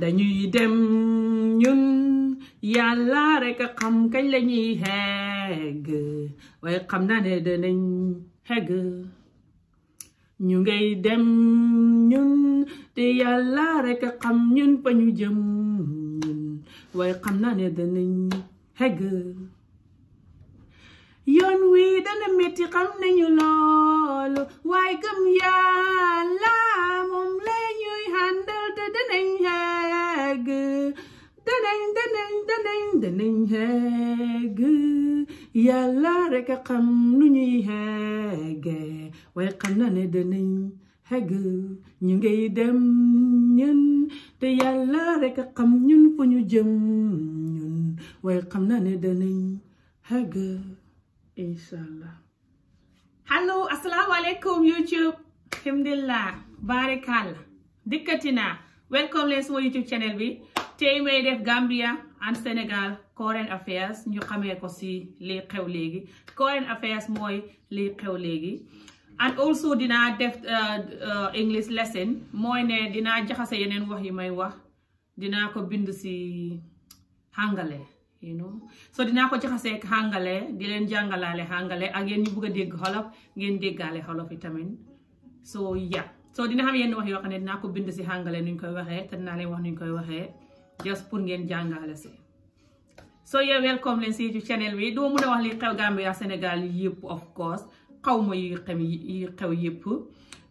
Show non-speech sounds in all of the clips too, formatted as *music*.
dañuy dem ñun yàlla rek xam kañ la ñuy xegg waaye xam naa ne danañ xegg ñu ngay dem ñun te yàlla rek xam ñun fa ñu jëm ñun waaye xam naa ne danañ xegg yoon wi dana metti xam nañu loolu waaye gëm yàlla moom la danañ xeeg yàlla rek a xam nu ñuy xeeg waaye xam na ne danañ xeeg ñu ngay dem ñun te yàlla rek a xam ñun ñu jëm ñun waaye xam na ne danañ xeeg incha allah. allo asalaamaaleykum YouTube alhamdulilah barikàlla dikkati naa welcome leen suma YouTube channel bi. tey may def Gambia and Sénégal current affairs ñu xamee ko si lii xew léegi current affairs mooy lii xew léegi and also dinaa def uh, uh, English lesson mooy ne dinaa jaxase yeneen wax yi may wax dinaa ko bind si hàngale you know so ko jaxasee ak hàngale di leen jàngalaale hàngale ak yéen dégg xolof ngeen déggaale xolof yi tamit so ya so dina xam yenn wax yoo xam ne dinaa ko bind ci hàngale nuñ koy waxee te naa leen wax nuñ koy waxee just pour ngeen jàngale si so yeah welcome leen si channel bi doo mun a wax li xew Gambia Sénégal yëpp of course xaw ma yu xew yu xew yëpp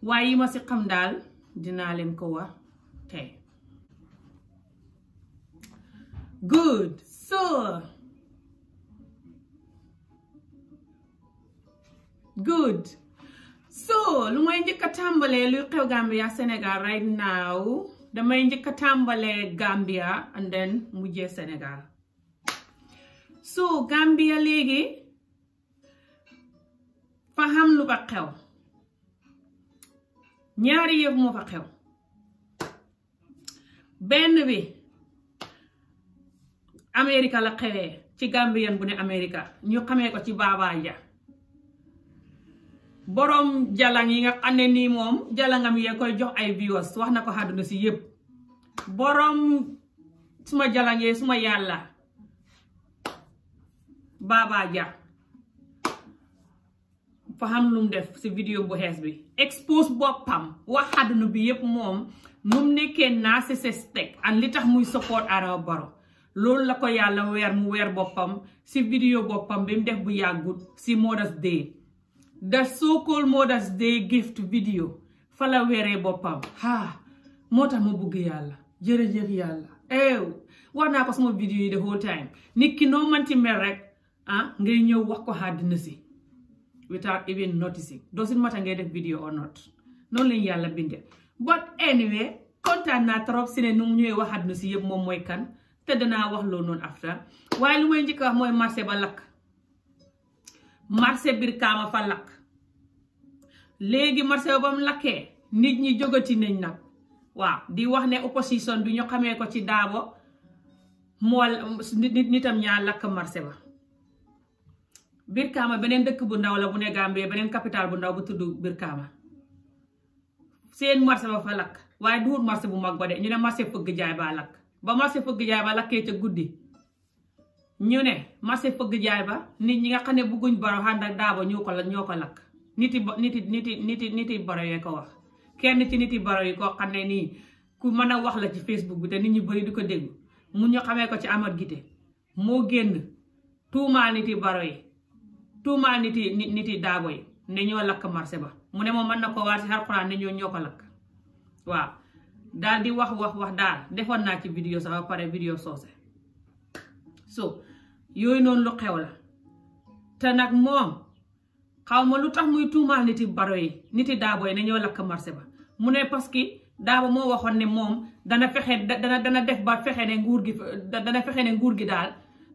waaye yi ma si xam daal dinaa leen ko wax tey good so good so lu may njëkk a tàmbalee luy xew Gambia Sénégal right now damay njëkka a tàmbalee Gambia and then mujjee Sénégal Gambia léegi fa xam lu fa xew ñaari yëf moo fa xew benn bi Amerika la xewee ci Gambian bu ne america ñu xamee ko ci Baba boroom jalan yi nga xam ne nii moom jalangam yee koy jox ay viewers wax na ko àdduna si yëpp boroom suma jalang yee suma yàlla Baba Jah fa lu def si vidéo bu xees bi expose boppam wax àdduna bi yëpp moom nu mu nekkee narcissistic an li tax muy support Adama Barrow loolu la ko yàlla weer mu weer boppam si vidéo boppam bi mu def bu yàggut si Mother's Day the so-called Mother's Day gift video fala weeree boppam ha moo tax ma bëgg yàlla jërëjëf yàlla ew wax naa ko sama video yi the whole time nit ki noo manti mel rek ah ngay ñëw wax ko àddina si without even noticing doesn't matter ngay def video or not noonu lañ yàlla bindee but anyway kontaan naa trop si ne nu ñëwee wax àddina si yëpp moom mooy kan te danaa wax loolu noonu after waaye lu may njëkk mooy marché ba lakk marché Brikama fa lakk léegi marché ba mu lakkee nit ñi jógati nañ nag waaw di wax ne opposition du ñu xamee ko ci daabo moo nit nitam ñaa lakk marché ba Brikama beneen dëkk bu ndaw la bu ne Gambie beneen capital bu ndaw bu tudd Brikama seen marché ba fa lakk waaye duur marché bu mag ba de ñu ne marché fëgg jaay ba lakk ba marché fëgg jaay ba lakkee ca guddi ñu ne marché fëgg jaay ba nit ñi nga xam ne bëgguñ boro ànd ak daabo ñoo ko ñoo ko lakk nit niti niti niti niti boro yee ko wax kenn ci niti boro yi koo ne nii ku mën a wax la ci Facebook bi te nit ñu bëri di ko dégg mu ñu xamee ko ci amat gite moo génn tuumaal niti baro yi tuumaal niti niti daabo yi ne ñoo lakk marché ba mu ne moom mën na ko waat ci alxuraan ne ñoo ñoo ko lakk waaw daal di wax wax wax daal defoon naa ci vidéo sax ba pare vidéo soose yooyu noonu lu xew la te nag moom xaw ma lu tax muy tuumaal niti baro yi niti daabo yi ne ñoo lakk marché ba mu ne parce que daabo moo waxoon ne moom dana fexe dana def ba fexe ne nguur gi dana fexe ne nguur gi daal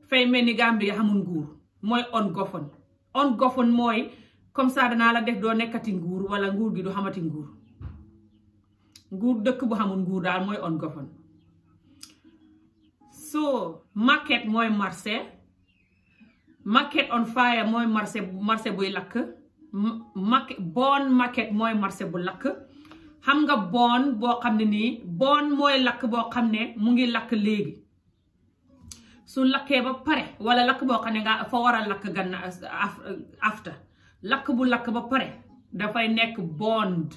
fay mel ni Gambie xamul nguur mooy on gofon on gofon mooy comme ça danaa la def doo nekkati nguur wala nguur gi du xamati nguur nguur dëkk bu xamul nguur daal mooy on gofon so market mooy marché market on fire mooy marché marché buy lakk market bon market mooy marché bu lakk xam nga bon boo xam ne nii bon mooy lakk boo xam ne mu ngi lakk léegi su lakkee ba pare wala lakk boo xam ne nga fa war a lakk ganna afta lakk bu lakk ba pare dafay nekk bond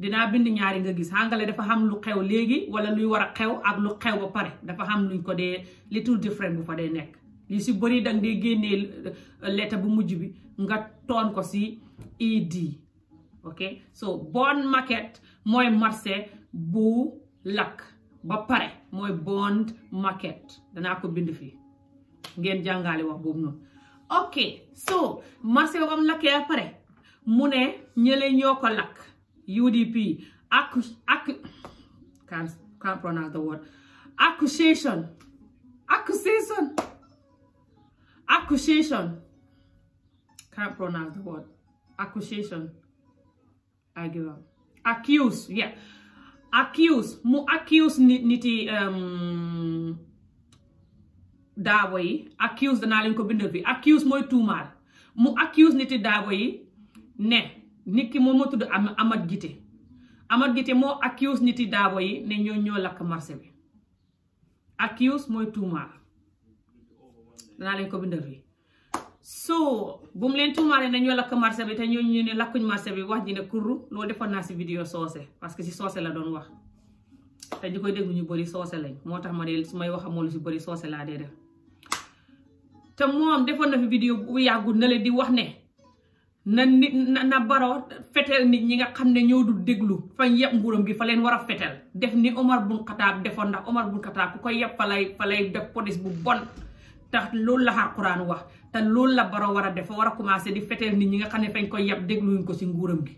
dinaa bind ñaari nga gis hàngale dafa xam lu xew léegi wala luy war a xew ak lu xew ba pare dafa xam luñ ko dee little different bu fa dee nekk li si bëri danga dee génnee euh, lettre bu mujj bi nga toon ko si ed ok so bond market mooy marché bu lakk ba pare mooy bond market danaa ko bind fii ngeen jàngale wax boobu noonu ok so marché bam lakkee ba pare mu ne ñële ñoo ko lakk UDP ak ak can't pronounce the word accusation accusation accusation can't pronounce the word accuse yeah accuse mu accuse niti um, daabo yi accuse danaa leen ko bindal bi accuse mooy tuumaal mu accuse niti daabo yi ne nit ki moom moo tudd am Amat Gite Amat Gite moo accuse niti daabo yi ne ñoo ñoo lakk marché bi accuse mooy tuumaal danaa leen ko bindal fii so bu mu leen tuumaale ne ñoo lakk marché bi te ñoo ñu ne lakkuñ marché bi wax ji ne kurru loo defoon naa si vidéo soose parce que si soose la doon wax te ñu koy déglu ñu bëri soose lañ moo tax ma dee su wax moo lu bëri soose laa dee def te defoon na fi vidéo bu yàggul na leen di wax ne na nit na baro fetel nit ñi nga xam ne ñoo dul déglu fa yeb nguuram gi fa leen war a fetel def ni Omar bun Xataab defoon na Omar bun Xataab ku koy yeb fa lay fa lay def police bu bon tax loolu la Alxuraan wax te loolu la Barrow war a def war a commencé di feteel nit ñi nga xam ne fañ koy yab dégluñ ko si nguuram gi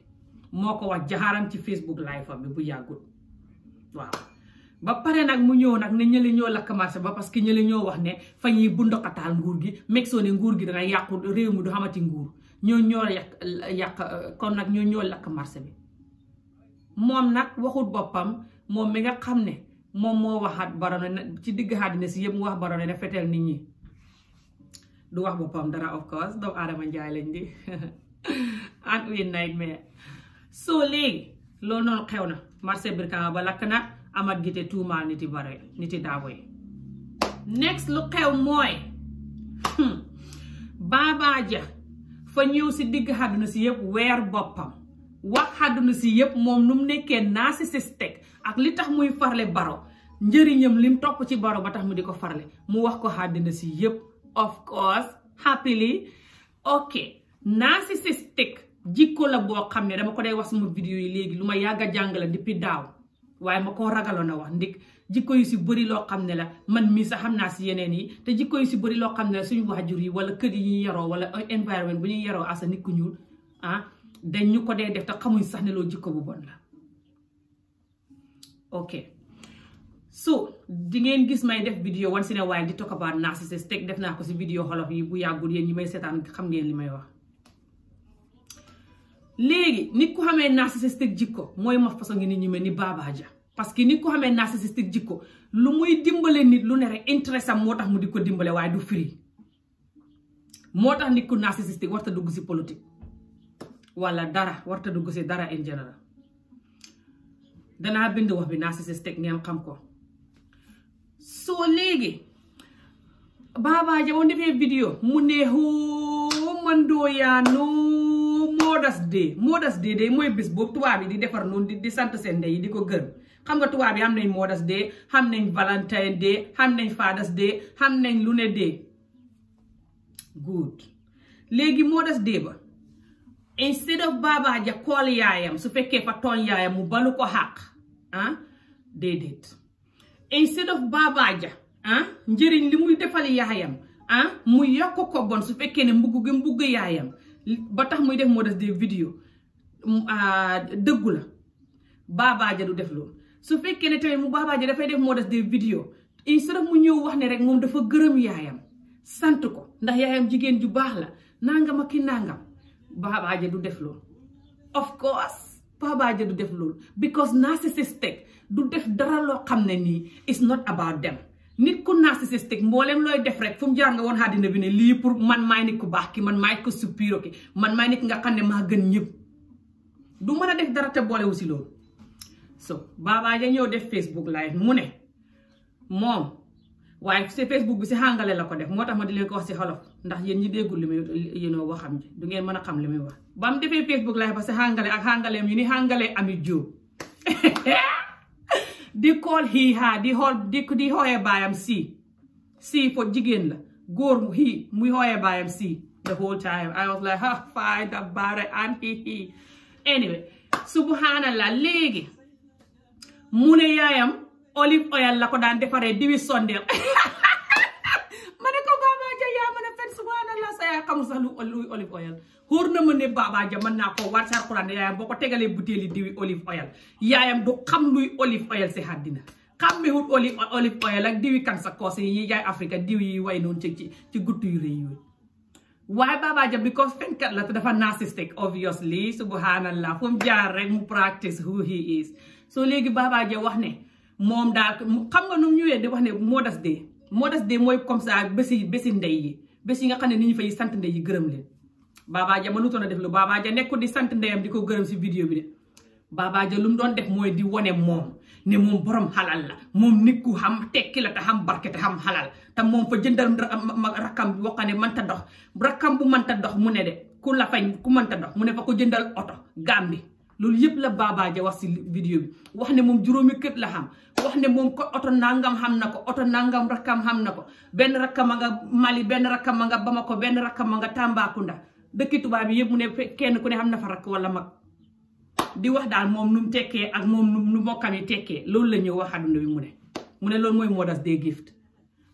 moo ko wax jaxaaram ci Facebook live bi bu yàggul waaw. ba pare nag mu ñëw nag ne ñële ñoo la commencé ba parce que ñële ñoo wax ne fañ yi bu ndoxataal nguur gi meg soo nguur gi danga yàqu réew mi du xamati nguur ñoo ñoo yàq yàq kon nag ñoo ñoo lakk marché bi moom nag waxut boppam moom mi nga xam ne moom moo waxaat Barrow ne ci digg àddina si yëpp mu wax Barrow ne ne feteel nit ñi. du wax boppam dara of course doomu aadama njaay lañ di and *laughs* we nightmare so léegi loolu noonu xew na marché Brikama ba lakk na Amat Gite tuumaal niti bare niti daabo yi next lu xew mooy hmm, Baba Ja fa ñëw si digg àdduna si yëpp weer boppam wax na si yëpp moom nu mu nekkee narcissistique ak li tax muy farle baro njëriñam lim topp ci baro ba tax mu di ko farle mu wax ko àdduna si yëpp of course happily ok narcissistic jikko la boo xam ne dama ko day wax sama vidéo yi léegi lu ma yàgg a jàngale depuis daaw waaye ma koo ragaloon a wax ndik jikko yu si bëri loo xam ne la man mii sax xam naa si yeneen yi te jikko yu si bëri loo xam ne la suñu waajur yi wala kër yi ñuy yaroo wala environnement bu ñuy yaroo asa nit ku ñuul ah dañ ñu ko dee def te xamuñ sax ne loo jikko bu bon la ok so di ngeen gis may def vidéo once in a while di talk about narcissist teg def naa ko si vidéo xolof yi bu yàggul yéen ñi may seetaan xam ngeen li may wax léegi nit ku xamee narcissistique jikko mooy ma façon ngi nit ñu mel ni Baba Ja parce que nit ku xamee narcissistique jikko lu muy dimbale nit lu ne rek intéressant moo tax mu di ko dimbale waaye du firi moo tax nit ku narcissistique warta dugg si politique wala dara warta dugg si dara en général danaa wax bi narcissistique ngeen xam ko soo léegi Baba Jah on defee vidéo mu neexu hoo man doo Mother's Day Mother's Day day mooy bis boobu tubaab yi di defar noonu di sant seen ndey yi di ko gërëm xam nga tubaab yi am nañ Mother's Day xam nañ Valentine Day xam nañ Father's Day xam nañ lu ne day good léegi Mother's Day ba instead of Baba Jah kool yaayam su fekkee fa tooñ yaayam mu balu ko xàq ah déedéet instead of babaaja ah njëriñ li muy defal yaayam ah mu yokk ko bon su fekkee ne mbugg gi mbugg yaayam ba tax muy def moo des des vidéos ah, dëggu la babaaja du def loolu su fekkee ne tamit mu babaaja dafay def moo des des vidéos instead of mu ñëw wax ne rek moom dafa gërëm yaayam sant ko ndax yaayam jigéen ju baax la nangam ak ki nàngam babaaja du def loolu of course babaaja du def loolu because narcissistic du def dara loo xam ne nii it's not about dem nit ku narcissistique mboolem looy def rek fu mu jaar nga woon àddina bi ne lii pour man maay nit ku baax ki man maay ko supérieur ki man maay nit nga xam ne maa gën ñëpp du mën a def dara te boolewu si loolu so baabaa ñëw def Facebook live mu ne moom waaye si Facebook bi si hàngale la ko def moo tax ma di leen ko wax si xolof ndax yen ñi déggul li muy yénoo waxam ji du ngeen mën a xam li muy wax ba mu defee Facebook live ba si hàngale ak hàngaleem yu ni hàngale *laughs* di kool hii haa di xool di di xooyee baayam sii sii fo jigéen la góor hii muy xooyee baayam sii the whole time I was like ah faay da baare hii hii anyway subhanallah léegi mu yaayam olive oil la ko daan defaree diwi sondeel *laughs* ma ko booba ja yaa ma ne fen subhanallah sa yaay xamul sax lu olive oil xóor na ma ne Baba Jah naa ko war si alxuraan yaayam boo ko tegalee butéeli diwi olive oil yaayam du xam luy olive oil si àddina xàmmewut oli olive oil ak diwi kansa koos yi jaay Afrique diw way noonu ci ci ci gutt waaye Baba Jah bi ko fenkat la te dafa narcissistic obviously subhanallah fu mu jaar rek mu practice who he is so léegi Baba Jah wax ne moom daal xam nga nu mu ñëwee di wax ne Mother's Day Mother's Day mooy comme ça bési bési ndey yi bés xam ne ni ñu fay sant ndey yi gërëm leen Baba Jah mënutoon a def lu Baba Jah nekkul di sant ndeyam di ko gërëm si vidéo bi de Baba Jah mu doon def mooy di wone moom ne moom borom xalal la moom nit ku xam tekki la te xam barke te xam xalal te moom fa jëndal rakkam bi waxane mënta dox rakkam bu mënta dox mu ne de ku la ku mënta dox mu ne fa ko jëndal oto gaam bi loolu yëpp la Baba Jah wax si vidéo bi wax ne moom juróomi kër la xam wax ne moom ko oto nangam xam na ko oto nangam rakkam xam na ko benn rakkama nga Mali benn rakkama nga Bamako benn rakkama nga Tambacounda dëkki tubaab yi yëpp mu ne kenn ku ne xam na fa rakk wala mag di wax daal moom nu mu tekkee ak moom nu mbokkam yi tekkee loolu la ñuy wax àdduna bi mu ne mu ne loolu mooy Mother's Day gift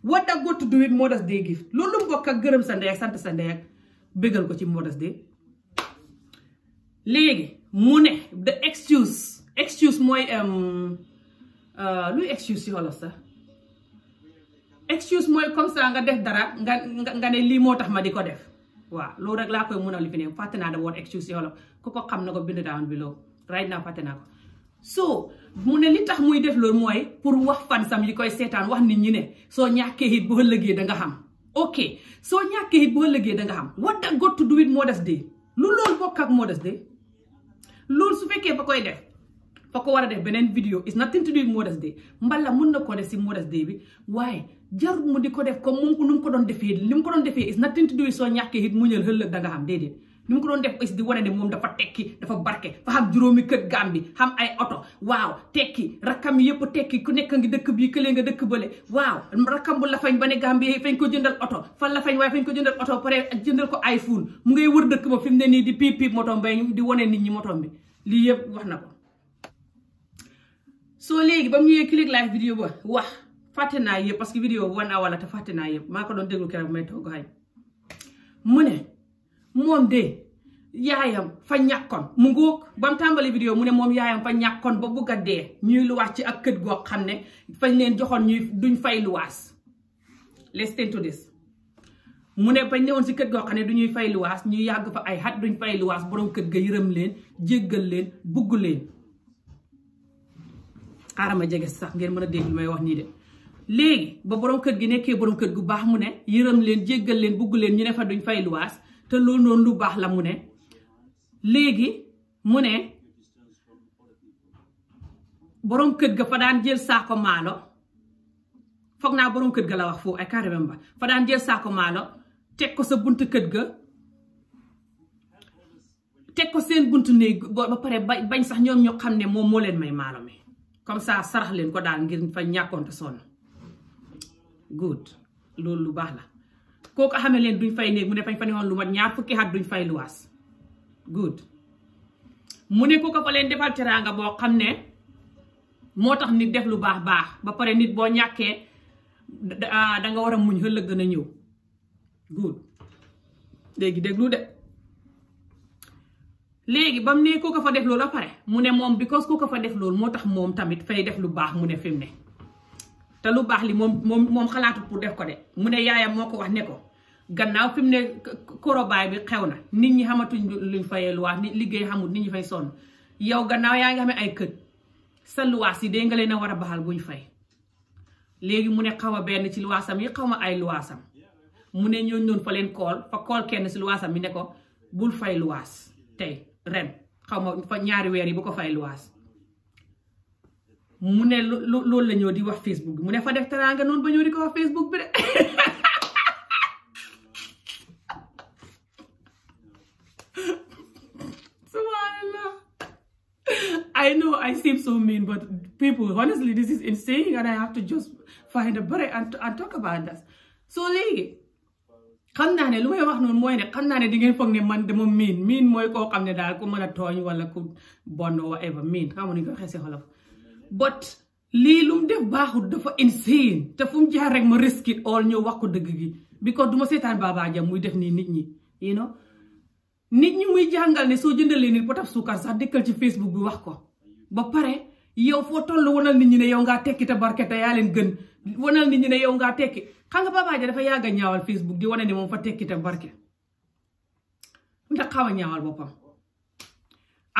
what a good to do it Mother's Day gift loolu lu mbokk ak gërëm sa ndey ak sant sa ndey ak bégal ko ci Mother's Day léegi mu ne the excuse excuse mooy euh, luy excuse ci wolof sax excuse mooy comme ça nga def dara nga nga ne lii moo tax ma di ko def waaw loolu rek laa koy mun a li fi ne fàtte naa the word excuse yow la ku ko xam na ko bind down below right now fàtte naa ko so mu ne li tax muy def loolu mooy pour wax fan sam yi koy seetaan wax nit ñi ne soo ñàkkee it boo ëllëgee da nga xam ok soo ñàkkee yi boo ëllëgee da nga xam what that got to do with Mother's Day lu loolu bokk ak Mother's Day loolu su fekkee fa koy def fa ko war a def beneen vidéo is nothing to do with Mother's Day mbala mun na ko def si Mother's Day bi waaye jarut mu di ko def comme moom nu mu ko doon defee li mu ko doon defee is nothing to do soo ñàkkee it mu ñël xëllëg da nga xam déedéet ni mu ko doon def is di wane ne moom dafa tekki dafa barke fa xam juróomi kër gaam bi xam ay oto waaw tekki rakkam yëpp tekki ku nekk ngi dëkk bii këlee nga dëkk bële waaw rakkam bu lafañ ba ne gaam bi fañ ko jëndal oto fa lafañ waaye fañ ko jëndal oto pare jëndal ko iPhone mu ngay wër dëkk ba fi mu ne nii di piip piip motom ba di wane nit ñi motom bi lii yëpp wax na ko soo léegi ba mu ñëwee click live vidéo ba wax fàtte naa yëpp parce que vidéo one hour la te fàtte naa yëpp maa ko doon déglu keroog may togg xañ mu ne moom de yaayam fa ñàkkoon mu ngóog ba tàmbali vidéo mu ne moom yaayam fa ñàkkoon ba bugg a dee ñuy luwaas ci ak kët goo xam ne fañ leen joxoon ñuy duñ fay luwaas listen to this mu ne bañ newoon si kët goo xam ne du ñuy fay luwaas ñu yàgg fa ay xat duñ fay luwaas borom kët ga yërëm leen jéggal leen bugg leen xaaral ma jege sax ngeen mën a dégg wax nii léegi ba borom kër gi nekkee boroom kër gu baax mu ne yërëm leen jéggal leen bugg leen ñu ne fa duñ fay luwaas te loolu noonu lu baax la mu ne léegi mu ne boroom kër ga fa daan jël saako maalo foog naa borom kër ga la wax foofu ay carrément ba fa jël saako maalo teg ko sa buntu kër ga teg ko seen buntu néeg ba pare bañ sax ñoom ñoo xam ne moom moo leen may maalo mi comme ça sarax leen ko daal ngir fa ñàkkoonte sonn good loolu lu baax la kooku xamee leen duñ fay néeg mu ne fañ fa ne woon lu mat ñaar fukki at duñ fay luwaas good mu ne kooku fa leen defal teraanga boo xam ne moo tax nit def lu baax baax ba pare nit boo ñàkkee da ah, nga war a muñ ëllëg a ñëw good léegi lu de léegi ba mu ne kooku fa def loolu ba pare mu ne moom because kooku fa def loolu moo tax moom tamit fay def lu baax mu ne fi ne. te lu baax li moom moom moom xalaatu pour def ko de mu ne yaayam moo ko wax ne ko gannaaw fi mu ne korobaay bi xew na nit ñi xamatuñ luñ fayee luwaas nit liggéey xamut nit ñi fay sonn yow gannaaw yaa ngi xamee ay kët sa luwaas yi dee nga leen a war a baxal buñ fay léegi mu ne xaw ma benn ci luwaasam yi xaw ma ay luwaasam mu ne ñooñ noonu kool fa kool si luwaasam mi ne ko bul fay luwaas tey ren xaw ma fa ñaari weer yi bu ko fay luwaas mu ne loolu la ñëw di wax Facebook bi mu ne fa def teraanga noonu ba ñëw ko wax Facebook bi de *laughs* subhanallah I know I seem so mean but people honestly this is insane and I have to just find a break and, and talk about this so léegi xam naa lu wax noonu mooy ne xam naa ne di ngeen foog ne man dama miin miin mooy koo xam ne daal ku mën a tooñ wala ku bon whatever miin xam ni ko waxee xolof bot lii lu mu def baaxul dafa insane te fu mu jaar rek ma risk it all ñëw wax ko dëgg gi because duma ma seetaan Baba Jam muy def nii nit ñi you know nit ñi muy jàngal ne soo jëndalee nit potab suukar sax dëkkal ci Facebook bi wax ko ba pare yow foo toll wanal nit ñi ne yow ngaa tekki te barke te yaa leen gën wanal nit ñi ne yow ngaa tekki xam nga Baba dafa yàgg a ñaawal Facebook di wane ne moom fa tekki te barke ndax xaw a ñaawal boppam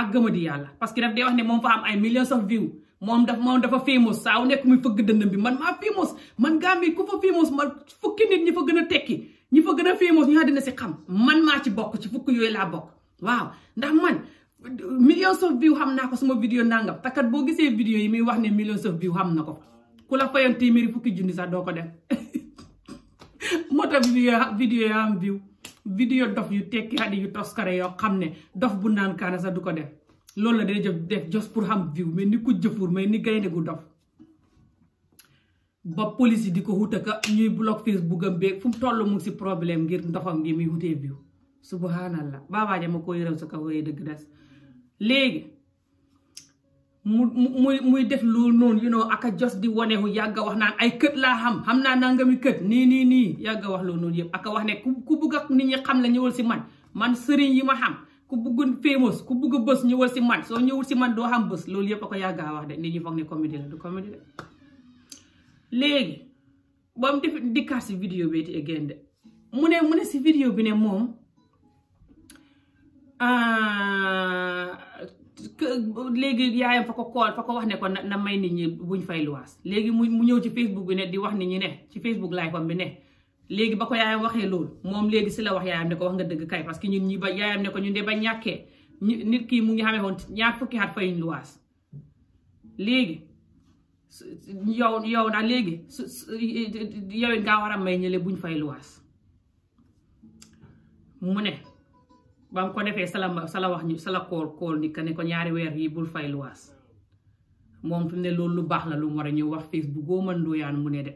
ak gëma di yàlla parce que daf dee wax ne moom am ay millions of views moom daf moom dafa famous saa wu nekk muy fëgg dëndam bi man maa famous man Gambie ku fa famous man fukki nit ñi fa gën a tekki ñi fa gën a famous ñaa dina si xam man maa ci bokk ci fukki yooyu laa bokk waaw ndax man millions of views xam naa ko suma vidéo nangam takat boo gisee vidéo yi muy wax ne millions of views xam na ko ku la fayoon téeméeri fukki junni sax doo ko def moo tax vidéo ya view vidéo dof yu tekki xadi yu toskare yoo xam ne dof bu naan kaana sax du ko def loolu la day jëf def just pour xam view mais ni ko jëfur mais ni gaynde gu dof ba police yi di ko wutaka ñuy block Facebook am beeg fu mu toll si problème ngir ndoxam ngi muy wutee view subhanallah baabaa ja ma koy rew sa kaw dëgg des léegi mu muy muy def loolu noon you know aka jos di wanewu yàgg wax naan ay kët laa xam xam naa nangami kët nii nii nii yàgg wax loolu noonu yëpp aka wax ne ku ku bugg ak nit ñi xam la ñëwal si man man sëriñ yi ma xam ku bëgg famous ku bëgg bës ñëwal si man soo ñëwul si man doo xam bës loolu yëpp a ko yàggaa wax de nit ñi foog ne comédie la du comédie de léegi ba mu def dikkaat si vidéo bi it mu ne mu ne si vidéo bi ne moom ah, léegi yaayam fa ko kool fa ko wax ne ko na may nit buñ fay luwaas léegi mu ñëw ci Facebook bi ne di wax ni ñi ne ci Facebook live am bi ne léegi ba ko yaayam waxee lool moom léegi si la wax yaayam ne ko wax nga dëgg kay parce que ñun ñi ba yaayam ne ko ñu ne ba ñàkkee nit kii mu ngi xamee woon ñaar fukki at fayuñ luwaas léegi yow yow na léegi yow it war a may ñële buñ fay luwaas mu ne ba mu ko defee sala sala wax ñu sala kool kool ni que ne ko ñaari weer yi bul fay luwaas moom fi ne loolu lu baax na lu mu war a ñëw wax Facebook boo man dooyaan mu ne de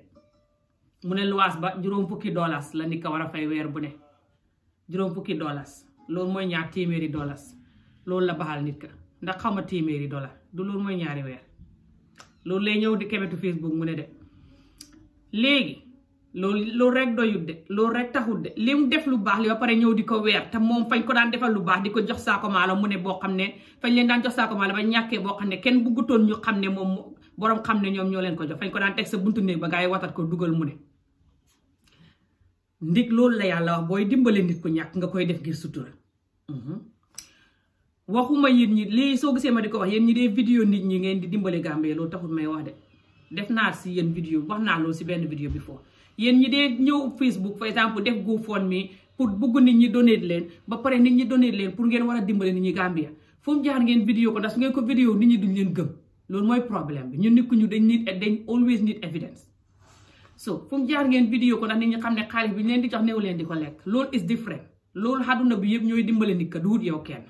mu ne luwaas ba juróom fukki dollars la nit ko war a fay weer bu ne juróom fukki dollars loolu mooy ñaar téeméeri dollars loolu la baxal nit ndax xaw ma téeméeri dollar du loolu mooy ñaari weer loolu lay ñëw di kebetu Facebook mu ne de léegi loolu loolu rek doyut de loolu rek taxut de li mu def lu baax li ba pare ñëw di ko weer te moom fañ ko daan defal lu baax di ko jox saako maalo mu ne boo xam ne fañ leen daan jox saako maalo ba ñàkkee boo xam ne kenn bëggutoon ñu xam ne moom boroom xam ne ñoom ñoo leen ko jox fañ ko daan teg sa buntu néeg ba gaa yi watat ko dugal mu ne ndig loolu la yàlla wax booy dimbale nit ku ñàkk nga koy def ngir sutura mhm. waxuma yéen ñi lii soo gisee ma di ko wax yéen ñi dee vidéo nit ñi ngeen di dimbale Gambie loolu taxul may wax de def naa si yéen vidéo wax naa loolu si benn vidéo bi foofu yéen ñi dee ñëw Facebook par exemple def GoFundMe pour bugg nit ñi donate leen ba pare nit ñi donate leen pour ngeen war a dimbale nit ñi Gambia fu mu jaar ngeen vidéo ko ndax su ngeen ko vidéo nit ñi duñ leen gëm mooy problème bi ñun nit ñu dañ nit dañ always need evidence so fu mu jaar ngeen vidéo ko ndax ni ñi xam ne xaalis bi leen di jox néew leen di ko lekk loolu is different loolu àdduna bi yëpp ñooy dimbale nit ka du wut yow kenn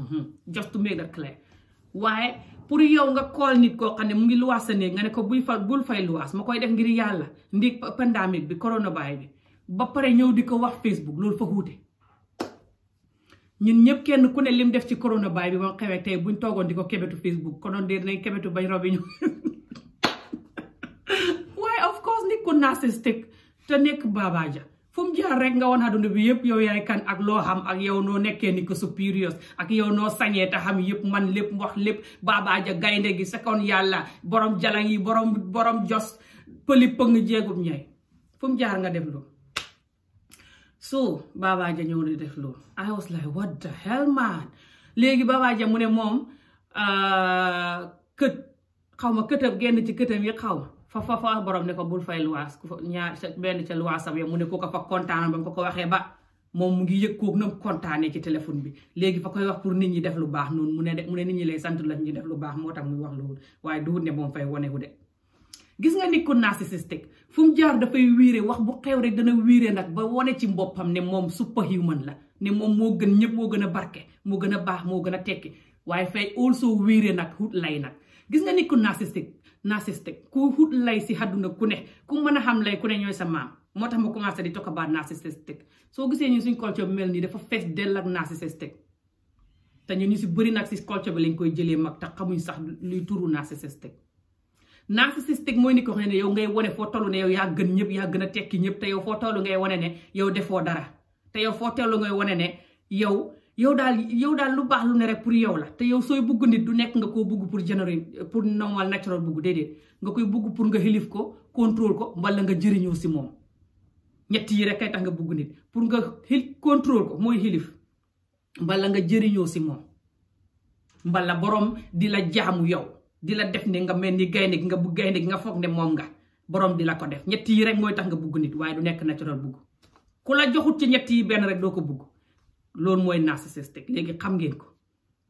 mhm. just to make that clear waaye pour yow nga kool nit koo xam ne mu ngi luwaas sa néeg nga ne ko buy fa bul fay luwaas ma koy def ngir yàlla ndi pandémique bi coronavirus bi ba pare ñëw di ko wax Facebook loolu fa wuute ñun ñëpp kenn ku ne lim def ci coronavirus bi ba xewee tey buñ toogoon di ko kebetu Facebook konoon dee nañ kebetu bañ robiñu *laughs* képp ku narcissistique te nekk Baba Jah fu mu jaar rek nga woon àdduna bi yëpp yow yaay kan ak loo xam ak yow noo nekkee ni ko supérieur ak yow noo sañee te xam yëpp man lépp wax lépp baabaaja gaynde gi sekoon yàlla boroom jalang yi boroom borom jos pëli pëng jéegum ñay fu mu jaar nga def loolu so Baba Jah ñëw na def loolu I was like what the hell léegi Baba Jah mu ne moom uh, kët xaw ma këtam genn ci këtam yi xaw fa fa fa borom ne ko bul fay luwaas ñaar benn ca luwaasam ya mu ne ko ko fa kontaan ba mu ko ko waxee ba moom mu ngi yëg koog na mu kontaanee ci téléphone bi léegi fa koy wax pour nit ñi def lu baax noonu mu ne de mu ne nit ñi lay sant la ñu def lu baax moo tax muy wax loolu waaye duwut ne moom fay wane wu de. gis nga nit ku narcissistique fu mu jaar dafay wiire wax bu xew rek dana wiire nag ba wane ci mboppam ne moom superhuman la ne moom moo gën ñëpp moo gën a barke moo gën a baax moo gën a tekki waaye fay also wiire nag wut lay nag gis nga nit ku narcissistique narcissiste ku xut lay si àdduna ku ne ku mën a xam lay ku ne ñooy sa maam moo tax ma commencé di tokk about narcissistic soo gisee ñu suñ culture bi mel nii dafa fees dell ak narcissistic te ñu ñu si bëri nag si culture bi lañ koy jëlee mag te xamuñ sax luy turu narcissistic narcissistic mooy ni ko xam ne yow ngay wone foo tollu ne yow yaa gën ñëpp yaa gën a tekki ñëpp te yow foo tollu ngay wane ne yow defoo dara te yow foo tollu ngay wane ne yow yow daal yow daal lu baax lu ne rek pour yow la te yow sooy bugg nit du nekk nga koo bugg pour générer pour normal natural bugg déedéet nga koy bugg pour nga xilif ko contrôle ko mbala nga jëriñoo si moom ñett yi rek nga bugg nit pour nga xil contrôle ko mooy xilif mbala nga jëriñoo si moom mbala borom di la jaamu yow di la def ne nga mel ni gaynde gi nga bu gaynde gi nga foog ne moom nga borom di la ko def ñetti yi rek mooy tax nga bugg nit waaye du nekk natural bugg ku la joxut ci ñett yi benn rek doo ko bugg loolu mooy narcissistique léegi xam ngeen ko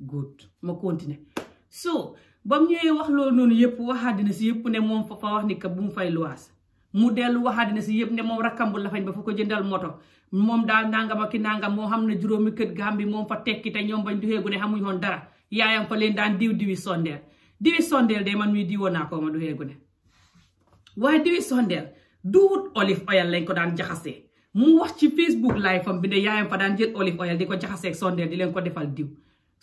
good ma continuer so ba mu ñëwee wax loolu noonu yëpp waxaat dina si yëpp ne moom fa fa wax ni que bu mu fay luwaas mu dellu waxaat dina si yëpp ne moom rakkam bu lafañ ba fa ko jëndal moto moom daal nangam ak ki nangam moo xam ne juróomi kër Gàmbi moom fa tekki te ñoom bañ duxeegu ne xamuñ woon dara yaayam fa leen daan diw diwi sondeel diwi sondeel de man mii diwoo naa ko ma duxeegu ne waaye diwi sondeel duwut olive oil lañ ko daan jaxasee mu wax ci facebook live am bi ne yaayam fa daan jël olive oil di ko jaxaseeg sondeel di leen ko defal diw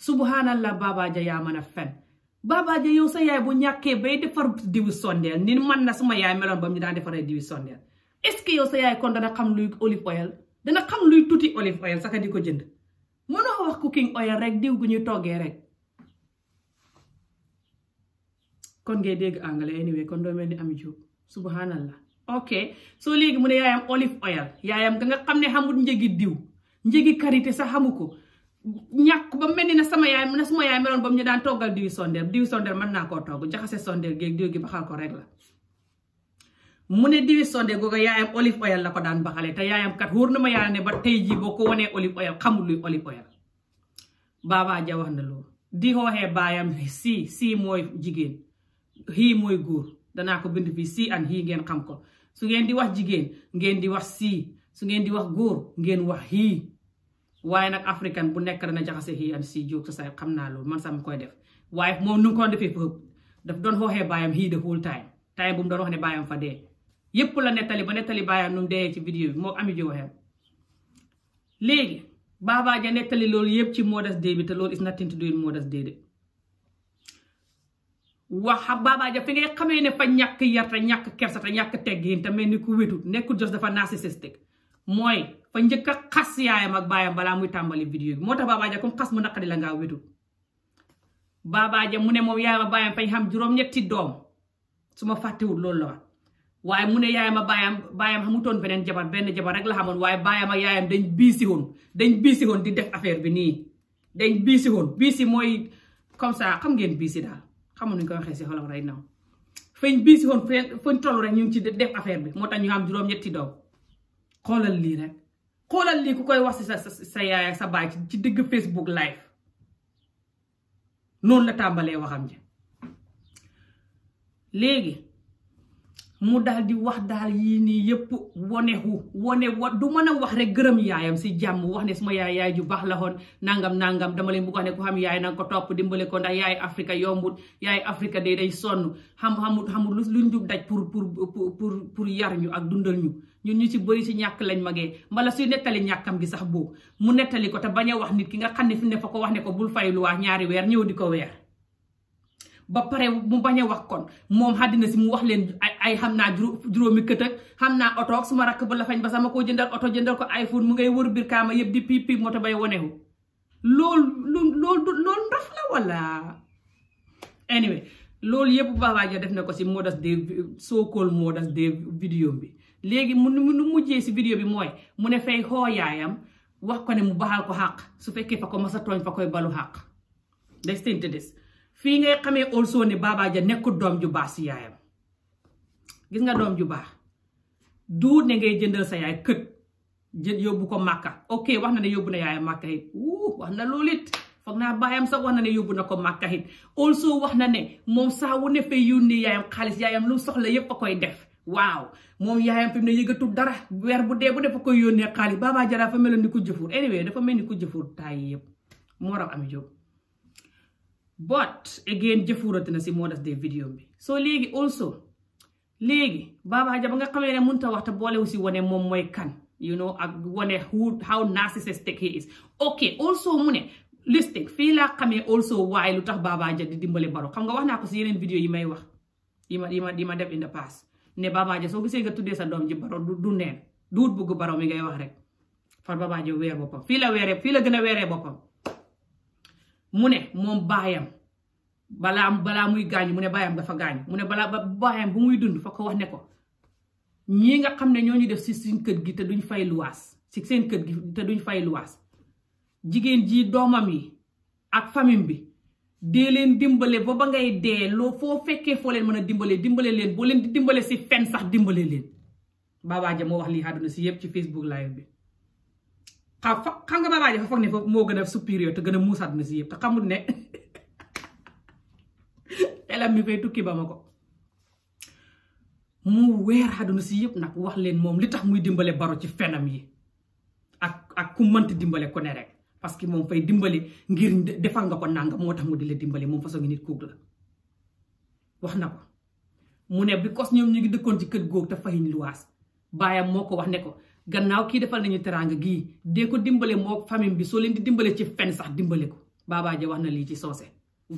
subhanallah Baba Jah yaa mën a fen Baba Jah yow sa yaay bu ñàkkee bay defar diwu sondeel ni man na suma yaay meloon ba mu ñu daan defaree diwu sondeel est-ce que yow sa yaay kon dana xam luy olive oil dana xam luy tuuti olive oil saka di ko jënd mënoo wax cooking oil rek diw gu ñuy toggee rek kon ngay dégg anglais anyway kon doo mel ni Ami Jóob ok soo léegi mu ne yaayam olive oil yaayam nga xam ne xamul njëgi diw njëgi karité sax xamu ko ñàkk ba mel ni na sama yaay na sama yaay meloon ba mu ñu daan toggal diw sondeel diw sondeel mën naa koo togg jaxase sondeel mu ne diwi sondeel googu yaayam olive oil la ko daan baxale te yaayam kat wóor na ma yaayam ne ba tey jii boo ko wanee olive oil xamul luy olive oil baabaa ja wax na loolu di xooxee baayam si si mooy jigéen xii mooy góor danaa ko bind fii si an xii ngeen xam ko su ngeen di wax jigéen ngeen di wax sii su ngeen di wax góor ngeen wax hii waaye nag african bu nekk dana jaxase hii and sii jóg sa xam naa loolu man sax mu koy def waaye moom nu mu defee foofu daf doon xooxee baayam hii the whole time time bu mu doon wax ne baayam fa dee yëpp la nettali ba nettali baayam nu mu dee ci vidéo bi moo ami jo waxee léegi Baba Jah nettali loolu yëpp ci Mother's Day bi te loolu is nothing to do with Mother's Day de wax Baba Jah fi nga xamee ne fa ñàkk yar te ñàkk kersa te ñàkk teggin te mel ni ku wétu nekku jos dafa narcissistique mooy fa njëkk a xas yaayam ak baayam balaa muy tàmbali vidéo bi moo tax Baba Jah comme xas mu naqadi la ngaa wétu mu ne moom yaayam ak baayam fañ xam doom su ma fàttewul loolu la wax mu ne yaayam ak baayam baayam xamutoon beneen jabar benn jabar rek la xamoon waaye baayam ak yaayam dañ biisi woon dañ biisi woon di def affaire bi nii dañ biisi woon biisi mooy comme xam ngeen biisi daal xamu nuñ koy waxee si xolof right now fañ bii si woon fañ toll rek ñu ngi ci def affaire bi moo tax ñu am juróom-ñetti doom xoolal lii rek xoolal lii ku koy wax si sa sa yaay ak sa baay ci digg Facebook live loolu la tàmbalee waxam ji léegi mu daal di wax daal yii nii yëpp wonewu wone wa du mën a wax rek gërëm yaayam si jàmm wax ne suma yaay yaay ju baax la xoon nangam nangam dama leen bu ko wax ne ku xam yaay nanga ko topp dimbale ko ndax yaay Afrika yombut yaay Afrika de day sonn xam xamut lu luñ dub daj pour pour pour pour yar ñu ak dundal ñu ñun ñu si bëri si ñàkk lañ magee mbala suy nettali ñàkkam gi sax boobu mu nettali ko te bañ a wax nit ki nga xam ne fi ko wax ne ko bul fay lu waa ñaari weer ñëw di ko weer ba pare mu bañ a wax kon moom xaddina si mu wax leen ay xam naa juróomi kët xam naa oto ak suma rakk ba la fañ ba sama koo jëndal oto jëndal ko iPhone mu ngay wër biir kaama yëpp di piip piip moto bay wonewu loolu lool loolu ndox la wala anyway loolu yëpp Baba Jah def na ko si Mother's Day so-called Mother's Day vidéo bi léegi mu nu mujjee si vidéo bi mooy mu ne fay xoo yaayam wax ko ne mu baxal ko xàq su fekkee fa ko masa tooñ fa koy balu xàq day sent fii ngay xamee also ne Baba Jah nekkul doom ju baax si yaayam gis nga doom ju baax du ne ngay jëndal sa yaay kët jë yóbbu ko màkka ok wax na ne yóbbu na yaayam màkka wax na loolu it naa baayam sax wax na ne yóbbu na ko màkka it also wax na ne moom saawu wu ne fee yónnee yaayam xaalis yaayam lu soxla yépp a koy def waaw moom yaayam fi mu ne yëgatul dara weer bu dee bu defa koy yónnee xaalis Baba Jah fa mel ni ku jëfur anyway dafa mel ni ku jëfur taay yëpp moo a am jóg but again jëfuurati na si moo des de vidéo bi so léegi also léegi Baba Jah ba nga xamee ne mun a wax te boolewu si wane moom mooy kan you know ak wane who how narcissistic he is ok also mu ne listing fii laa xamee also waaye lu tax Baba Jah di dimbale Barrow xam nga wax naa ko si yeneen vidéo yi may wax yi ma yi ma yi ma def in the past ne Baba Jah soo gisee nga tuddee sa doom ji Barrow du neen duut bugg Barrow mi ngay wax rek far Baba Jah weer boppam fii la weeree fii la gën a weeree boppam mu ne moom baayam balaa balaa muy gaañu mu ne baayam dafa gaañu mu ne balaa ba baayam bu muy dund fa ko wax ne ko ñii nga xam ne ñoo ñu def si suñ kër gi te duñ fay luwaas si seen kër gi te duñ fay luwaas jigéen ji doomam yi ak famille bi dee leen dimbale boo ba ngay dee loo foo fekkee foo leen mën a dimbale dimbale leen boo leen di dimbale si fen sax dimbale leen Baba Jah moo wax lii àdduna si yëpp ci Facebook live bi xaw xam nga baba ji fa foog ne foofu moo gën a supérieur te gën a muusaat ma si yëpp te xamul ne *laughs* xelam mi fay tukki ba ma ko mu weer àdduna si yëpp nag wax leen moom li tax muy dimbale baro ci fenam yi ak ak ku mënti dimbale ko ne rek parce que moom fay dimbale ngir defal nga ko nangam moo tax mu di la dimbale moom façon nit kooku la wax na ko mu ne because ñoom ñu ngi dëkkoon ci kër góog te fayiñ luwaas baayam moo ko wax ne ko gannaaw kii defal nañu teraanga gii dee ko dimbale moo famille bi soo leen di dimbale ci fen sax dimbale ko Baba Jah na lii ci soose